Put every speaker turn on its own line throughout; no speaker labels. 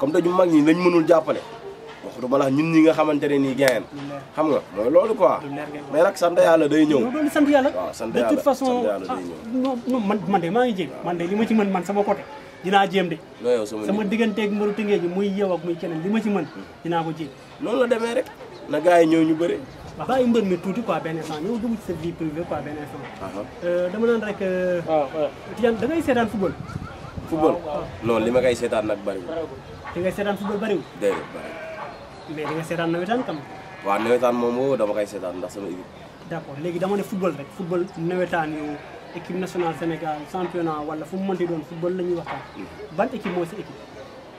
comme dañu mag ñi lañ mënul jappalé waxtu ma la ñun ñi nga xamantene ni nii xam nga moy lolu quoi mais rak sant yalla day ñew loolu sant yàlla de toute façon ah, non man man de ma ngi jéem man de li ma ci man man sama côté dina jëm de sama digënté ak mëru tingé ji muy yew ak muy keneen li ma ci man hmm. dina ko jéem non la démé rek na gars ñew ñëw ñu bëri bàyyi mbeur mi tuuti quoi ben instant ñëw dugg ci sa vie privée quoi ben instant euh dama naan rek euh ah, tiyan da ngay sétane football football ah, non li ma koy seetaan nag bariwul di nga seetaan football bariwul. déedéet bariwul. mais di nga seetaan nawetaan tam. waaw nawetaan moom boobu dama koy seetaan ndax sama équipe. d' accord léegi dama ne football rek football nawetaan yu équipe nationale Sénégal championnat wala fu mu mënti doon football la ñuy waxtaan. Hmm. ban équipe mooy sa équipe.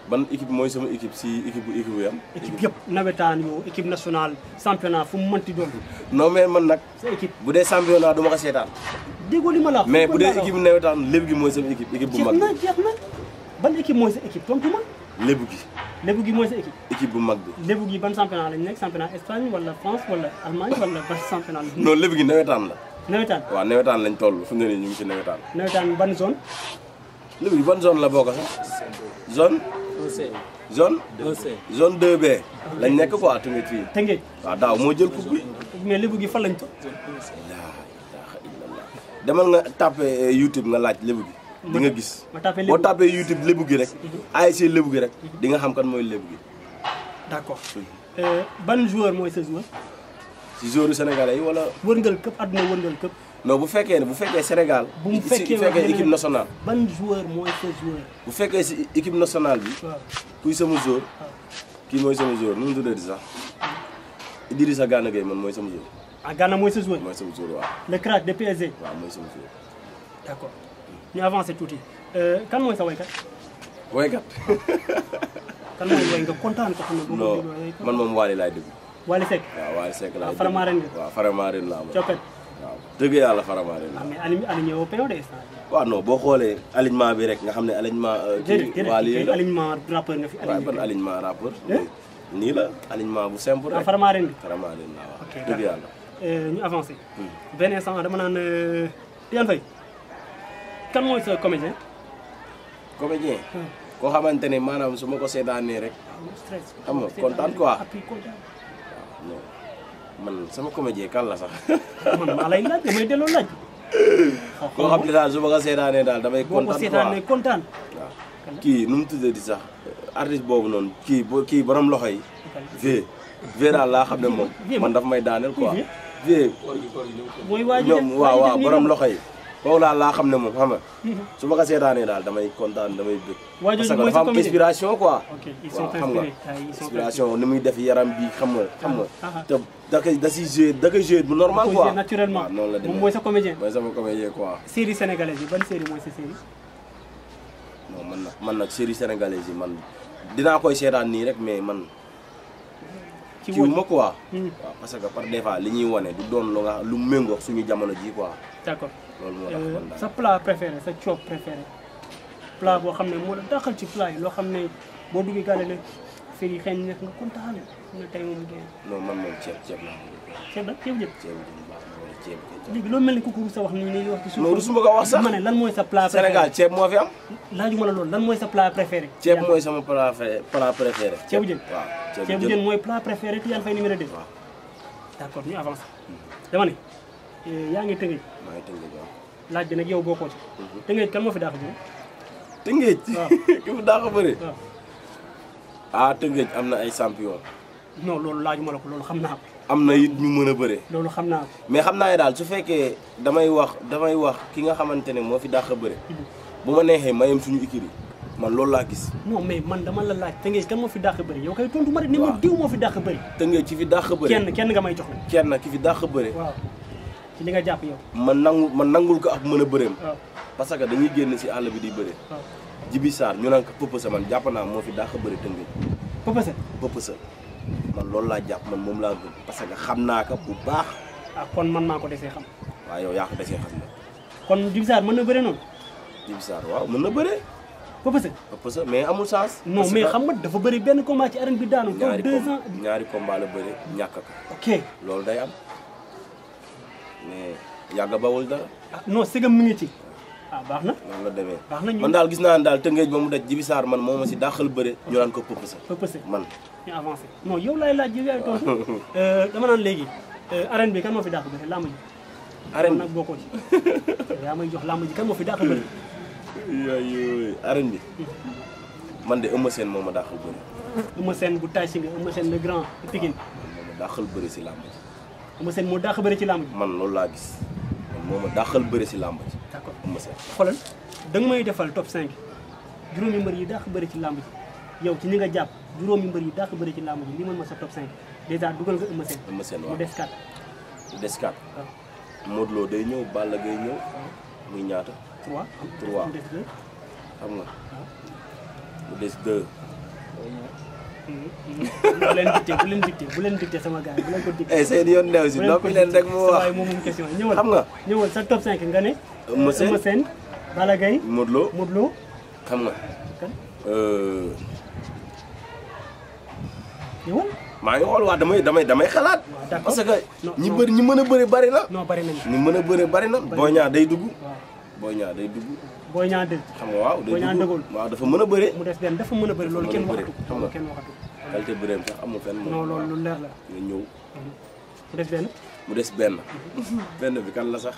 ban équipe mooy sama équipe si équipe bu équipe yam. équipe yëpp nawetaan yu équipe nationale championnat fu mu mënti doon. non mais man nag. sa équipe bu dee championnat du ma ko seetaan. déggoo li ma la wax mais bu dee équipe nawetaan lépp gi mooy sama équipe. équipe bu mag jeex na jeex na ban équipe mooy sa équipe tontu ma. lébu gi. lébu gi mooy sa équipe. équipe bu mag bi. ban championnat lañ nekk championnat Espagne wala France wala Allemagne wala ban championnat non lébu gi nawetaan la. nawetaan waaw nawetaan lañ toll fu mu ne nii ñu ngi ci nawetaan. nawetaan ban zone. lébu gi ban zone la Zone sax. zone. zone. 2C zone 2B. lañ nekk quoi tamit fii. Tëngéej waaw daaw moo jël coupe bi. mais lébu gi fan lañ toll. demal nga tapé eh, YouTube nga laaj lébu gi. di nga gis boo tapé YouTube lébu gi rek mhm. ASC lébu gi rek mhm. di nga xam kan mooy lébu gi d'accord euh, ban joueur mooy sa joueur si joueur sénégalais yi wala wërngal këpp àdduna wërngal këpp non bu fekkee ne bu fekkee Sénégal bu fekkee équipe nationale ban joueur mooy sa joueur bu fekkee si équipe nationale bi kuy sama joueur kii mooy sama joueur nu di sax mhm. Idrissa Gana Gueye man mooy sama joueur ah Gana mooy sa joueur mooy sama joueur waaw waaw mooy sama joueur ñu avancé tuuti euh, kan mooy sa waykat. waykat. kan mooy way nga kontaan ko xam ne. non man moom Waly laay déglu. Waly Seck waaw Waly Seck laay ah, déglu laa moom coppet. dëgg yàlla Faramaren laa. Ah, mais aligné aligné woo POD waaw non boo xoolee alignement bi rek nga xam ne alignement. Euh, kii Waly la alignement rappeur nga fi. alignement waaw ban alignement rappeur. Eh? nii la alignement bu simple rek. ah Faramaren bi Faramaren laa waaw. dëgg yàlla. Euh, ñu avancé. Hmm. benn instant dama naan Diane Faye. kan mooy sa comédien. comédien. Ah. koo xamante ne maanaam su ma ko seetaanee rek. Ah, xam nga kontaan quoi. waaw ah, man sama comédien kan la sax. man maa lay laaj damay delloo daal ko seetaanee daal damay. kontaan quoi boo ko seetaanee kontaan. waaw nu mu tuddati sax artiste boobu noonu kii bo kii borom loxo yi. daal laa xam ne moom. man daf may daaneel ko vie. mooy waa ji ñoom waaw loxo yi. kooku daal laa xam ne moom xam nga. su ma ko daal damay kontaan damay bëgg. waa jooju sa dafa am inspiration quoi. ok ils sont inspirés ah, inspiration ni muy def yaram bi xam nga xam nga. Ah, ah, te da koy da siy joué da koy joué normal quoi. da naturellement noonu la demee moom mooy sa comédien. mooy sama comédien quoi. série sénégalaise yi ban série mooy sa série. non man nag man nag série sénégalaise yi man dinaa koy seetaan nii rek mais man. ci wu ma quoi. waaw parce que par des fois li ñuy wane du doon lu nga lu méngoo suñu jamono ji quoi. d'accord loolu euh, sa plat préféré sa coob préféré plat boo xam ne moo la dàqal ci plat yi loo xam ne boo duggee gàlle la fii xëy na nga kontaanee nga tey moom génn. non man moom ceeb ceeb laa. ceeb la ceeb jëpp ceeb jëpp. ceeb bi loolu mel ni kooku Roussa wax ni ñu wax ci suuf. non Roussa ma ko wax sax ma ne mooy sa plat préféré ceeb la mooy sa plat préféré. ceeb mooy sama plat plat préféré. ceebu mooy plat préféré Tidiane Faye numéro 2. waaw eh, yaa ngi tëngëj. maa ngi tëngëj waaw. laaj bi nag yow bokkoo ci. Mhm. tëngëj kan moo fi daax a bëri. tëngëj. waaw ki fi daax a bëri. ah tëngëj am na ay champion. non loolu laajuma la ko loolu xam naa ko am na it ñu mën a bëre. loolu xam naa mais xam naa ne daal su fekkee damay wax damay wax ki nga xamante ne moo fi dàq a bëre. bu ma neexee mayam suñu ikiri man loolu laa gis. non mais man dama la laaj Tëngéej kan moo fi dàq bëri yow kay tontu ma rek. waaw ne ma diw moo fi dàq bëri. ci fi dàq bëri kenn kenn nga may jox ki fi dàq bëri. waaw ci li nga jàpp yow. man nangu man nangul ko ak mën a bëreem. parce que dañuy génn si àll bi di bëri. waaw Jibi Sarr ñu naan ko Pëpësa man jàpp naa moo fi dàq bëri Tëngéej. Pëpësa Pëpësa man loolu laa jàpp man moom laa gëm parce que xam naa ko bu baax. ah kon man maa ko defee xam. waaw yow yaa ko desee xam nag. kon Djiby Sarr mën na bëre noonu. Djiby waaw mën na bëre. ëpp sa ëpp sa mais amul chance. non mais xam nga dafa bëri benn combat ci arène bi daanu. ñaari deux ans ñaari combat la bëri ñàkk ko. ok loolu day am mais yàgg bawul dara. ah non sëgam mi ngi ci. waaw ah, baax na noonu la demee baax na man daal gis naa ne daal tëngeej ba mu daj Jibi man moo ma si dàqal bëre ñu naan ko pëpëse pëpëse man ñu avancé non yow laay laaj yow yaay tontu euh, dama naan léegi euh, arène bi kan moo fi dàq bëre làmb ji arène nag bokkoo ci yaa may jox làmb ji moo fi dàq bi hmm. man de Eumeu Sène moo ma dàqal bëre Eumeu bu tay si nga le grand Pikine moo ma si làmb ji Eumeu Sène ci làmb man loolu laa gis man moo ma dàqal bëre si làmb ji d' accord xoolal da may defal top 5 juróomi mbër yi dàq bëri ci làmb ji yow ci ni nga jàpp juróomi mbër yi dàq bëri ci làmb ji li mën ma sa top 5 dèjà dugal nga Eumeu Sène. Eumeu mu des 4. mu day ñëw Balla Gaye ñëw. muy ñaata. 3 3 mu des 2. xam nga mu bu leen dicté bu leen dicté sama gars bu leen eh seen yoon neew si noppi leen rek moo wax moom question ñëwal xam nga ñëwal sa top 5 nga ne. Moussène Moussène Balla Gaye Modou Lo Modou Lo xam nga. euh ñëwal maa ngi xool waa damay damay damay day dugu boo day dugu booy ñaan dëgg xam nga waaw booy ñaa dëggul waaw dafa mën a bëre mu des benn dafa mën a bëre loolu kenn waxatu xam nga kenn waxatu qualité loolu lu leer la nga ñëw mu des benn mu des benn benn bi kan la sax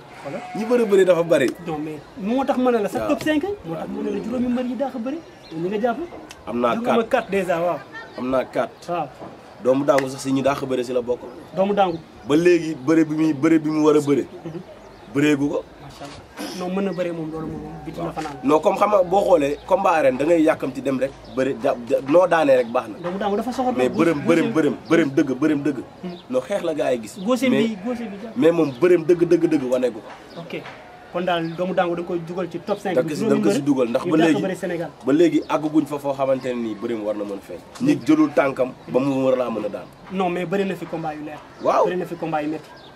ñi bëri bëri dafa bëri non moo tax mën na la sax top 5 moo tax mën na la juróomi mbër yi daax a bëri ñi nga jàpp am naa 4 4 déjà waaw am naa 4 waaw doomu dangu sax si ñu daax a bëri si la bokk doomu dangu ba léegi bëri bi muy bëri bi mu war a bëri mhm. bëreegu ko macha allah mën na bëree moom loolu moom bi dina fanaan xam nga boo xoolee combat arène da ngay yàkkamti dem rek bëri ja noo daanee rek baax na doomu daangu dafa soxor mais bërëm bërëm bërëm bërëm dëgg bërëm dëgg hmm. non xeex la gars yi gis góose bi góose bi mais moom bërëm dëgg dëgg dëgg wane ko ok kon daal doomu da nga koy ci top 5 da nga ko si dugal ndax ba léegi ba léegi àgguñ fa foo xamante ne nii bërim war na mën a feeñ nit jëlul tànkam ba mu war laa mën a daan non mais bëri na fi combat yu leer waaw bëri na fi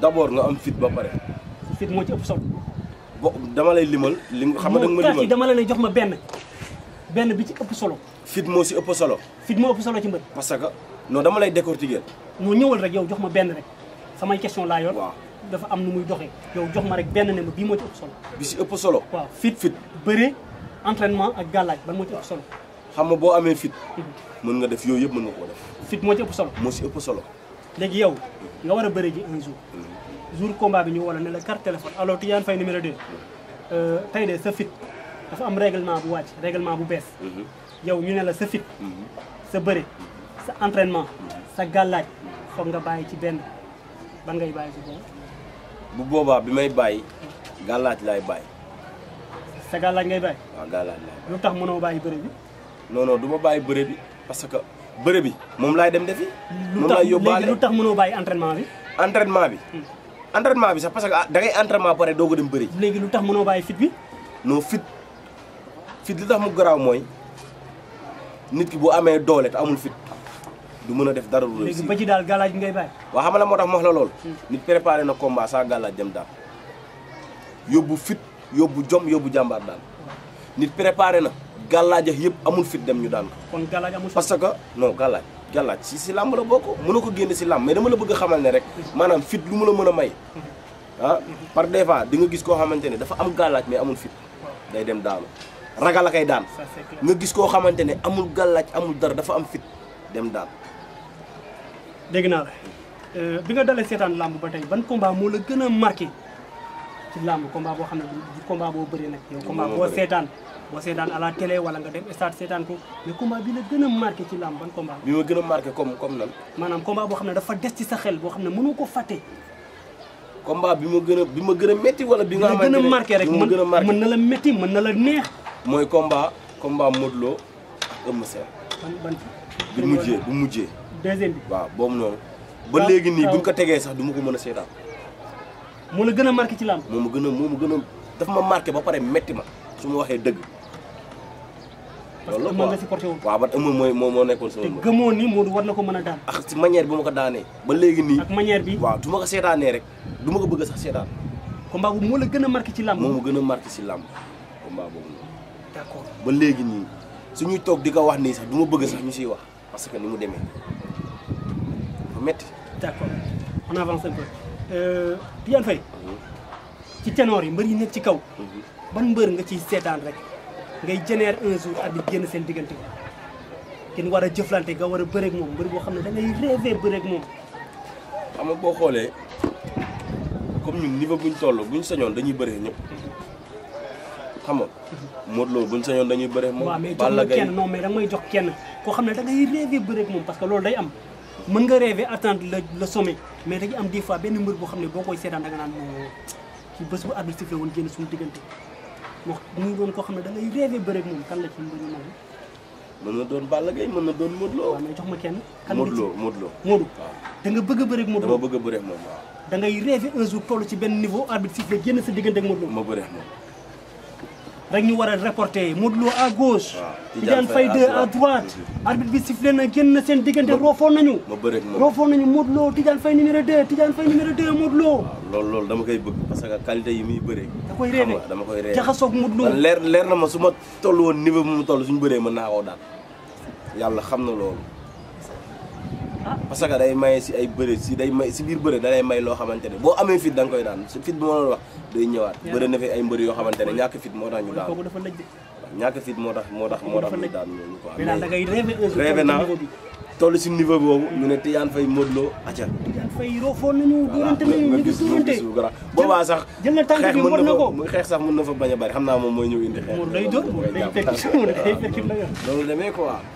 d'abord nga am fit ba pare. fit moo ci ëpp solo. bo dama lay limal li nga xam ne danga ma limal dama la ne jox ma benn benn bi ci ëpp solo. fit moo si ëpp solo. fit moo ëpp solo ci mbër. parce que non dama lay décortiquer. non ñëwal rek yow jox ma benn rek samay question laa yor. waaw dafa am nu muy doxee. yow jox ma rek benn ne ma bii moo ci ëpp solo. bi si ëpp solo. waaw fit fit bëre entraînement ak gàllaaj ban moo ci ëpp solo. xam nga boo amee fit. Mhm. mën nga def yooyu yëpp mën nga koo def. fit moo ci ëpp solo. moo si ëpp solo. léegi yow mhm. nga war a bëre ji un jour. Mhm. jour combat bi ñu woo la ne la carte téléphone alors Tidiane Faye numéro 2 euh, tey de sa fit dafa am règlement bu wàcc règlement bu bees. Mhm. yow ñu ne la sa fit. Mhm. sa bëre sa entraînement sa gàllaaj foog nga bàyyi ci benn ban ngay bàyyi ci benn. bu boobaa bi may bàyyi gàllaaj laay bàyyi. sa gàllaaj ngay bàyyi. waaw gàllaaj lu tax mënoo bàyyi bëre bi. non non du ma bàyyi bëre bi parce que bëre bi moom laay dem defi. moom laay yóbbaale lu tax léegi lu tax mënoo bàyyi entraînement bi. entraînement bi. Hmm. entraînement bi sax parce que da ngay entraînement pare doo ko dem bëri. léegi lu tax mënoo bàyyi fit bi. non fit fit li tax mu garaaw mooy nit ki bu amee doole te amul fit du mën a def dara lu. léegi ba ci daal galaaj ngay bàyyi. waaw xam la moo tax ma la lool. nit préparé na combat sans galaaj dem daal yóbbu fit yóbbu jom yóbbu jàmbaar daal nit préparé na galaaj yëpp amul fit dem ñu daan ko. kon amul parce que non galaaj. gàllaaj si si làmb la bokk mënu ko génn si làmb mais dama la bëgg xamal ne rek maanaam fit lu mu a mën a may ah par des fois di nga gis koo xamante ne dafa am gàllaaj mais amul fit day dem daanu ragal a koy daan nga gis koo xamante ne amul gàllaaj amul dara dafa am fit dem daan dégg naa la euh, bi nga dalee seetaan làmb ba tey ban combat moo la gën a marqué ci làmb combat boo xam ne combat boo bëri nag yow combat boo seetaan boo seetaan à la télé wala nga dem stade seetaan ko mais combat bi la gën a marqué ci làmb ban combat. bi ma gën a marqué comme comme nan. maanaam combat boo xam ne dafa des ci sa xel boo bi ma gën a bi ma gën a métti wala bi nga. xamante ne bi ma gën a marqué rek mën mën na la métti mën na la neex. mooy combat combat Modou Lo ak Eumeu Sène. ban ban bi mujjee mujjee. deuxième bi waaw boobu noonu. ba léegi nii buñ ko tegee sax du ma ko mën a seetaan. moo la gën a marqué ci làmb. moo ma gën a moo ma gën a daf ma marqué ba pare métti ma su ma waxee dëgg parce que ëmma nga supporté woon waaw man moo moo nekkoon sama te gëmoon ni war na ko mën a daan ak si manière ko daanee ba léegi nii ak manière bi waaw du ma rek ma ko bëgg sax seetaan combat boobu la gën a marqué ci làmb moo gën a marqué ci làmb combat boobu noonu d'accord ba léegi nii suñuy toog di ko wax nii sax du ma bëgg sax ñu siy wax parce que ni mu demee dafa métti d'accord on avance un peu euh, Tidiane Faye mhm. ci ténor yi mbër yi nekk ci kaw mhm. ban mbër nga ci seetaan rek ngay génère un jour at bi génn seen diggante kenn war a jëflante nga war a bëreeg moom mbër boo xam ne da ngay rêvé bëreeg moom. xam nga boo xoolee comme ñun niveau buñ toll buñ sañoon dañuy bëree ñëpp xam nga Modou Lo buñ sañoon dañuy bëree moom. Balla Gaye waaw mais ma kenn may jox kenn koo xam ne dangay ngay rêvé bëreeg moom parce que loolu day am. mën nga rêvé attendre la le sommet mais dañuy am di fois benn mbër boo xam ne boo koy seetaan da nga naan ci bës bu arbitre sifflé woon génn suñu diggante. ndax mu doon koo xam ne dangay ngay bëre ak moom kan la ci mbir mi mën mën na doon Balla Gaye mën na doon Modou Lo. waaw mais jox ma kenn. kan Modou Lo Modou Lo Modou. da nga bëgg a bëre ak Modou Lo bëgg a bëre ak moom waaw. da ngay rêvé un jour toll ci benn niveau arbitre sifflé sa diggante ak Modou Lo. ma ak moom. rek ñu wara reporter modlo à gauche Tidiane fay deux à droite arbitre bi sifflé na genn sen digënté rofon nañu rofon nañu modlo Lo Tidiane fay numéro 2 Tidiane fay numéro 2 modlo lool lool dama koy bëgg parce que qualité yi muy bëré da koy réné dama koy réné jaxasok modlo lér lér na ma suma tollu won niveau mu tollu suñu bëré mëna ko daal yalla xamna lool parce que day maye si ay bëre si day may si biir bëre da lay may loo xamante ne boo amee fit da koy daan su fit bi ma doon wax ñëwaat bëre na fi ay mbëri yoo xamante ne fit moo tax ñu daan ñàkk fit moo tax moo tax moo tax ñu daan ñooñu quoi rêvé naa toll si niveau boobu ñu ne Tidiane Faye Modou Lo aca gis gisu gara na ko xeex a bari xam naa moom mooy ñëw